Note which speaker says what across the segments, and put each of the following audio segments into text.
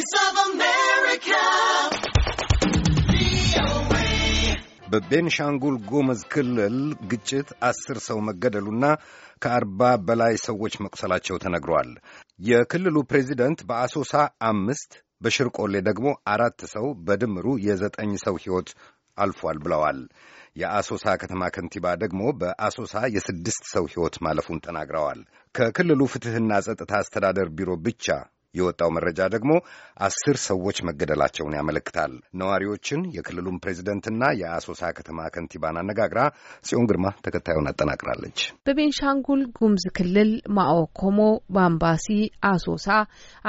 Speaker 1: Voice of America.
Speaker 2: በቤንሻንጉል ጎመዝ ክልል ግጭት አስር ሰው መገደሉና ከአርባ በላይ ሰዎች መቁሰላቸው ተነግሯል። የክልሉ ፕሬዚደንት በአሶሳ አምስት በሽርቆሌ ደግሞ አራት ሰው በድምሩ የዘጠኝ ሰው ሕይወት አልፏል ብለዋል። የአሶሳ ከተማ ከንቲባ ደግሞ በአሶሳ የስድስት ሰው ሕይወት ማለፉን ተናግረዋል። ከክልሉ ፍትሕና ጸጥታ አስተዳደር ቢሮ ብቻ የወጣው መረጃ ደግሞ አስር ሰዎች መገደላቸውን ያመለክታል። ነዋሪዎችን የክልሉን ፕሬዚደንትና የአሶሳ ከተማ ከንቲባን አነጋግራ ጽዮን ግርማ ተከታዩን አጠናቅራለች።
Speaker 1: በቤንሻንጉል ጉምዝ ክልል ማኦኮሞ፣ ባምባሲ፣ አሶሳ፣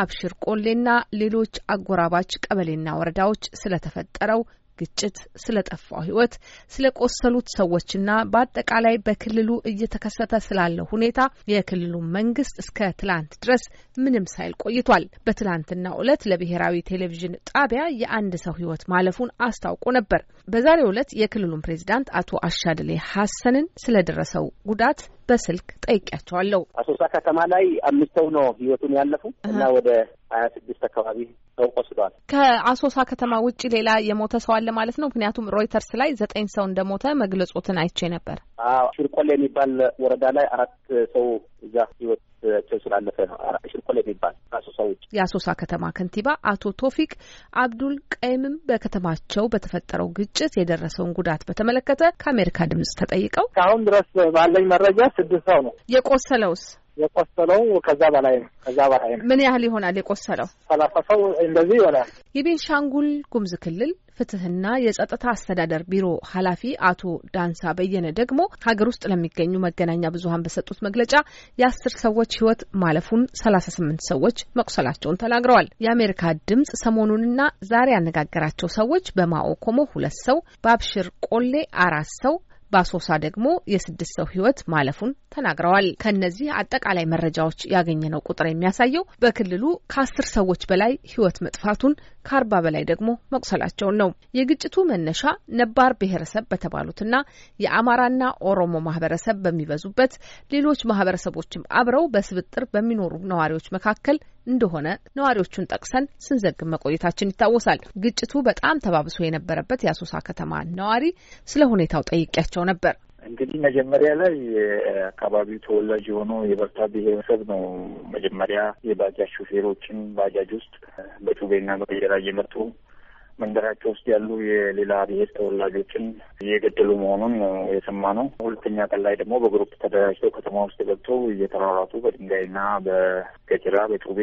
Speaker 1: አብሽር ቆሌና ሌሎች አጎራባች ቀበሌና ወረዳዎች ስለተፈጠረው ግጭት፣ ስለ ጠፋው ሕይወት፣ ስለ ቆሰሉት ሰዎችና በአጠቃላይ በክልሉ እየተከሰተ ስላለው ሁኔታ የክልሉ መንግስት እስከ ትላንት ድረስ ምንም ሳይል ቆይቷል። በትላንትናው እለት ለብሔራዊ ቴሌቪዥን ጣቢያ የአንድ ሰው ሕይወት ማለፉን አስታውቆ ነበር። በዛሬው እለት የክልሉን ፕሬዚዳንት አቶ አሻድሌ ሀሰንን ስለደረሰው ጉዳት በስልክ ጠይቄያቸዋለሁ።
Speaker 2: አሶሳ ከተማ ላይ አምስት ሰው ነው ህይወቱን ያለፉ እና ወደ ሀያ ስድስት አካባቢ ሰው ቆስሏል።
Speaker 1: ከአሶሳ ከተማ ውጭ ሌላ የሞተ ሰው አለ ማለት ነው? ምክንያቱም ሮይተርስ ላይ ዘጠኝ ሰው እንደሞተ መግለጾትን አይቼ ነበር።
Speaker 2: ሽርቆሌ የሚባል ወረዳ ላይ አራት ሰው እዛ ህይወታቸው ስላለፈ ነው። ሽርቆሌ የሚባል ከአሶሳ ውጭ
Speaker 1: የአሶሳ ከተማ ከንቲባ አቶ ቶፊቅ አብዱል ቀይምም በከተማቸው በተፈጠረው ግጭት የደረሰውን ጉዳት በተመለከተ ከአሜሪካ ድምጽ ተጠይቀው እስካሁን ድረስ ባለኝ መረጃ ስድስት ሰው ነው የቆሰለውስ የቆሰለው ከዛ በላይ ነው። ከዛ በላይ ነው። ምን ያህል ይሆናል የቆሰለው? ሰላሳ ሰው እንደዚህ ይሆናል። የቤንሻንጉል ጉሙዝ ክልል ፍትህና የጸጥታ አስተዳደር ቢሮ ኃላፊ አቶ ዳንሳ በየነ ደግሞ ሀገር ውስጥ ለሚገኙ መገናኛ ብዙኃን በሰጡት መግለጫ የአስር ሰዎች ህይወት ማለፉን፣ ሰላሳ ስምንት ሰዎች መቁሰላቸውን ተናግረዋል። የአሜሪካ ድምጽ ሰሞኑንና ዛሬ ያነጋገራቸው ሰዎች በማኦ ኮሞ ሁለት ሰው፣ በአብሽር ቆሌ አራት ሰው በአሶሳ ደግሞ የስድስት ሰው ህይወት ማለፉን ተናግረዋል። ከእነዚህ አጠቃላይ መረጃዎች ያገኘነው ቁጥር የሚያሳየው በክልሉ ከአስር ሰዎች በላይ ህይወት መጥፋቱን ከአርባ በላይ ደግሞ መቁሰላቸውን ነው። የግጭቱ መነሻ ነባር ብሔረሰብ በተባሉትና የአማራና ኦሮሞ ማህበረሰብ በሚበዙበት ሌሎች ማህበረሰቦችም አብረው በስብጥር በሚኖሩ ነዋሪዎች መካከል እንደሆነ ነዋሪዎቹን ጠቅሰን ስንዘግብ መቆየታችን ይታወሳል። ግጭቱ በጣም ተባብሶ የነበረበት የአሶሳ ከተማ ነዋሪ ስለ ሁኔታው ጠይቄያቸው ነበር።
Speaker 2: እንግዲህ መጀመሪያ ላይ የአካባቢው ተወላጅ የሆነው የበርታ ብሔረሰብ ነው። መጀመሪያ የባጃጅ ሹፌሮችን ባጃጅ ውስጥ በጩቤና በቀየራ እየመጡ መንደራቸው ውስጥ ያሉ የሌላ ብሔር ተወላጆችን እየገደሉ መሆኑን የሰማ ነው። ሁለተኛ ቀን ላይ ደግሞ በግሩፕ ተደራጅተው ከተማ ውስጥ ገብተው እየተሯሯጡ በድንጋይና በገጀራ በጩቤ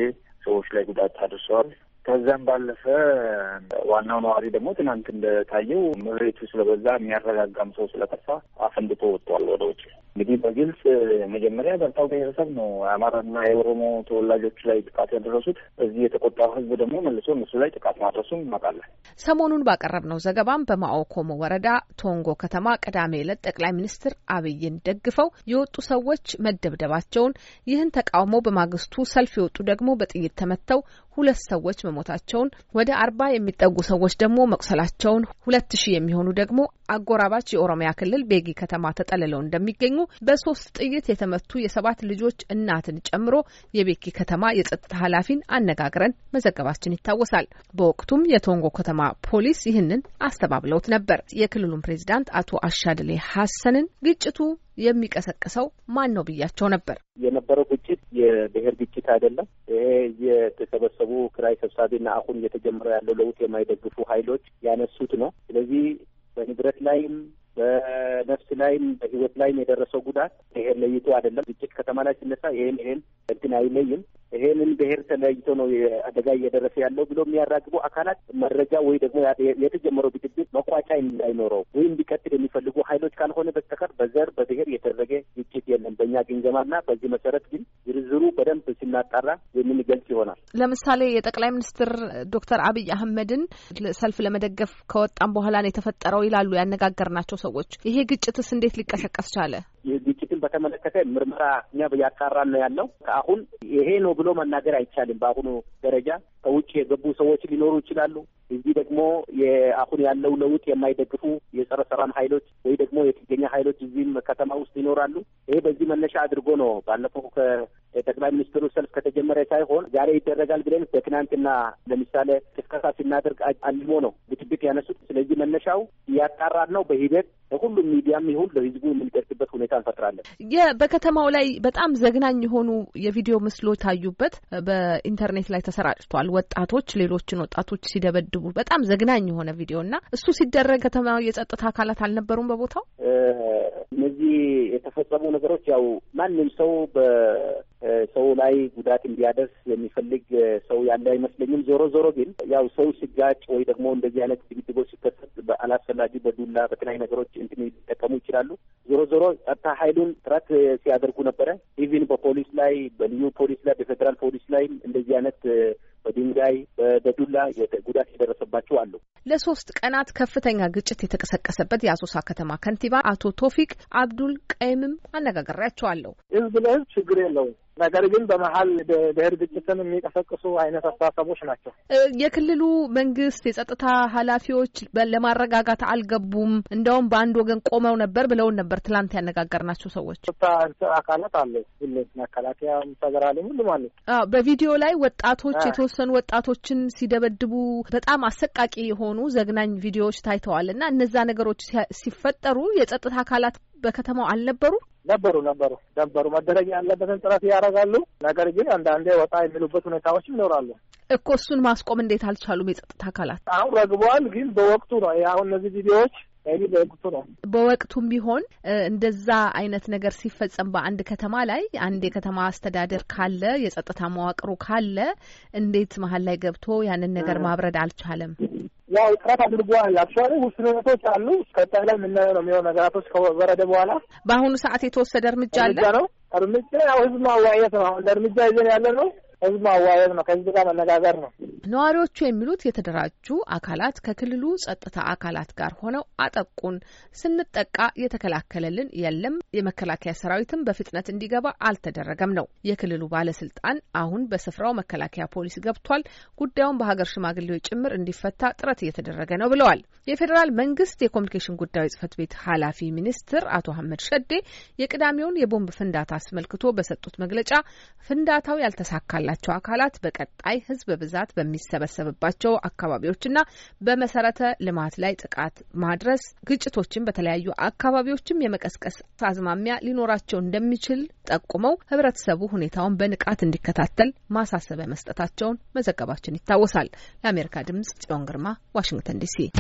Speaker 2: ሰዎች ላይ ጉዳት አድርሰዋል። ከዛም ባለፈ ዋናው ነዋሪ ደግሞ ትናንት እንደታየው መሬቱ ስለበዛ የሚያረጋጋም ሰው ስለጠፋ አፈንድቶ ወጥቷል ወደ ውጭ። እንግዲህ በግልጽ መጀመሪያ በርታው ብሔረሰብ ነው የአማራና የኦሮሞ ተወላጆች ላይ ጥቃት ያደረሱት። እዚህ የተቆጣው ህዝብ ደግሞ መልሶ እነሱ ላይ ጥቃት ማድረሱም እናውቃለን።
Speaker 1: ሰሞኑን ባቀረብነው ዘገባም በማኦኮሞ ወረዳ ቶንጎ ከተማ ቅዳሜ ዕለት ጠቅላይ ሚኒስትር አብይን ደግፈው የወጡ ሰዎች መደብደባቸውን፣ ይህን ተቃውሞ በማግስቱ ሰልፍ የወጡ ደግሞ በጥይት ተመተው ሁለት ሰዎች መሞታቸውን፣ ወደ አርባ የሚጠጉ ሰዎች ደግሞ መቁሰላቸውን፣ ሁለት ሺህ የሚሆኑ ደግሞ አጎራባች የኦሮሚያ ክልል ቤጊ ከተማ ተጠልለው እንደሚገኙ በሶስት ጥይት የተመቱ የሰባት ልጆች እናትን ጨምሮ የቤጊ ከተማ የጸጥታ ኃላፊን አነጋግረን መዘገባችን ይታወሳል። በወቅቱም የቶንጎ ከተማ ፖሊስ ይህንን አስተባብለውት ነበር። የክልሉን ፕሬዚዳንት አቶ አሻድሌ ሀሰንን ግጭቱ የሚቀሰቅሰው ማን ነው ብያቸው ነበር።
Speaker 2: የነበረው ግጭት የብሔር ግጭት አይደለም። ይሄ የተሰበሰቡ ክራይ ሰብሳቢና አሁን እየተጀመረ ያለው ለውጥ የማይደግፉ ኃይሎች ያነሱት ነው። ስለዚህ በንብረት ላይም በነፍስ ላይም በህይወት ላይም የደረሰው ጉዳት ይሄን ለይቶ አይደለም። ግጭት ከተማ ላይ ሲነሳ ይሄን ይሄን ህግን አይለይም። ይሄንን ብሔር ተለያይቶ ነው አደጋ እየደረሰ ያለው ብሎ የሚያራግቡ አካላት መረጃ ወይ ደግሞ የተጀመረው ብጥብጥ መቋጫ እንዳይኖረው ወይ እንዲቀጥል የሚፈልጉ ኃይሎች ካልሆነ በስተቀር በዘር በብሔር የተደረገ ግጭት የለም በእኛ ግንገማና። በዚህ መሰረት ግን ዝርዝሩ በደንብ ስናጣራ የምንገልጽ ይሆናል።
Speaker 1: ለምሳሌ የጠቅላይ ሚኒስትር ዶክተር አብይ አህመድን ሰልፍ ለመደገፍ ከወጣም በኋላ ነው የተፈጠረው ይላሉ ያነጋገርናቸው ሰዎች። ይሄ ግጭትስ እንዴት ሊቀሰቀስ ቻለ?
Speaker 2: ችግሮችን በተመለከተ ምርመራ እኛ እያጣራን ነው ያለው። አሁን ይሄ ነው ብሎ መናገር አይቻልም። በአሁኑ ደረጃ ከውጭ የገቡ ሰዎች ሊኖሩ ይችላሉ። እዚህ ደግሞ አሁን ያለው ለውጥ የማይደግፉ የጸረ ሰላም ኃይሎች ወይ ደግሞ የጥገኛ ኃይሎች እዚህም ከተማ ውስጥ ይኖራሉ። ይሄ በዚህ መነሻ አድርጎ ነው ባለፈው የጠቅላይ ሚኒስትሩ ሰልፍ ከተጀመረ ሳይሆን ዛሬ ይደረጋል ብለን በትናንትና ለምሳሌ ቅስቀሳ ሲናደርግ አልሞ ነው ብጥብጥ ያነሱት። ስለዚህ መነሻው እያጣራን ነው። በሂደት ለሁሉም ሚዲያም ይሁን ለህዝቡ የምንደርስበት ሁኔታ እንፈጥራለን።
Speaker 1: በከተማው ላይ በጣም ዘግናኝ የሆኑ የቪዲዮ ምስሎች ታዩበት በኢንተርኔት ላይ ተሰራጭቷል። ወጣቶች ሌሎችን ወጣቶች ሲደበድቡ በጣም ዘግናኝ የሆነ ቪዲዮ እና እሱ ሲደረግ ከተማው የጸጥታ አካላት አልነበሩም በቦታው
Speaker 2: እነዚህ የተፈጸሙ ነገሮች ያው ማንም ሰው በ ላይ ጉዳት እንዲያደርስ የሚፈልግ ሰው ያለ አይመስለኝም። ዞሮ ዞሮ ግን ያው ሰው ሲጋጭ ወይ ደግሞ እንደዚህ አይነት ድግድጎች ሲከሰት በአላስፈላጊ በዱላ በተለያዩ ነገሮች እንትን ሊጠቀሙ ይችላሉ። ዞሮ ዞሮ ጸጥታ ኃይሉን ጥረት ሲያደርጉ ነበረ። ኢቪን በፖሊስ ላይ በልዩ ፖሊስ ላይ በፌዴራል ፖሊስ ላይም እንደዚህ አይነት በድንጋይ በዱላ ጉዳት የደረሰባቸው አሉ።
Speaker 1: ለሶስት ቀናት ከፍተኛ ግጭት የተቀሰቀሰበት የአሶሳ ከተማ ከንቲባ አቶ ቶፊቅ አብዱል ቀይምም አነጋግሬያቸዋለሁ። ህዝብ
Speaker 2: ለህዝብ ችግር የለውም ነገር ግን በመሀል ብሄር ግጭትን የሚቀሰቅሱ አይነት አስተሳሰቦች ናቸው።
Speaker 1: የክልሉ መንግስት የጸጥታ ኃላፊዎች ለማረጋጋት አልገቡም፣ እንደውም በአንድ ወገን ቆመው ነበር ብለውን ነበር ትላንት ያነጋገርናቸው ሰዎች።
Speaker 2: አካላት አለ፣ መከላከያ፣ ተገራለ፣ ሁሉም አለ።
Speaker 1: በቪዲዮ ላይ ወጣቶች የተወሰኑ ወጣቶችን ሲደበድቡ በጣም አሰቃቂ የሆኑ ዘግናኝ ቪዲዮዎች ታይተዋል እና እነዛ ነገሮች ሲፈጠሩ የጸጥታ አካላት በከተማው አልነበሩ
Speaker 2: ነበሩ ነበሩ ነበሩ መደረግ ያለበትን ጥረት ያደርጋሉ። ነገር ግን አንዳንዴ ወጣ የሚሉበት ሁኔታዎችም ይኖራሉ
Speaker 1: እኮ እሱን ማስቆም እንዴት አልቻሉም? የጸጥታ አካላት አሁን ረግበዋል። ግን በወቅቱ ነው አሁን እነዚህ ቪዲዮዎች በወቅቱ ነው። በወቅቱም ቢሆን እንደዛ አይነት ነገር ሲፈጸም በአንድ ከተማ ላይ አንድ የከተማ አስተዳደር ካለ የጸጥታ መዋቅሩ ካለ እንዴት መሀል ላይ ገብቶ ያንን ነገር ማብረድ አልቻለም?
Speaker 2: ያው ጥረት አድርጓል። አክቹዋሊ ውስን ሁነቶች አሉ። ቀጣይ
Speaker 1: ላይ የምናየው ነው የሚሆን ነገራቶች ከወረደ በኋላ በአሁኑ ሰዓት የተወሰደ እርምጃ አለ ነው እርምጃ ያው ህዝብ ማወያየት ነው። አሁን እርምጃ ይዘን ያለ ነው ህዝብ ማዋየት ነው። ከህዝብ ጋር መነጋገር ነው። ነዋሪዎቹ የሚሉት የተደራጁ አካላት ከክልሉ ጸጥታ አካላት ጋር ሆነው አጠቁን፣ ስንጠቃ የተከላከለልን የለም፣ የመከላከያ ሰራዊትም በፍጥነት እንዲገባ አልተደረገም ነው። የክልሉ ባለስልጣን አሁን በስፍራው መከላከያ ፖሊስ ገብቷል፣ ጉዳዩን በሀገር ሽማግሌዎች ጭምር እንዲፈታ ጥረት እየተደረገ ነው ብለዋል። የፌዴራል መንግስት የኮሚኒኬሽን ጉዳዮች ጽህፈት ቤት ኃላፊ ሚኒስትር አቶ አህመድ ሸዴ የቅዳሜውን የቦምብ ፍንዳታ አስመልክቶ በሰጡት መግለጫ ፍንዳታው ያልተሳካል ያላቸው አካላት በቀጣይ ህዝብ ብዛት በሚሰበሰብባቸው አካባቢዎችና በመሰረተ ልማት ላይ ጥቃት ማድረስ፣ ግጭቶችን በተለያዩ አካባቢዎችም የመቀስቀስ አዝማሚያ ሊኖራቸው እንደሚችል ጠቁመው ህብረተሰቡ ሁኔታውን በንቃት እንዲከታተል ማሳሰቢያ መስጠታቸውን መዘገባችን ይታወሳል። ለአሜሪካ ድምጽ ጽዮን ግርማ ዋሽንግተን ዲሲ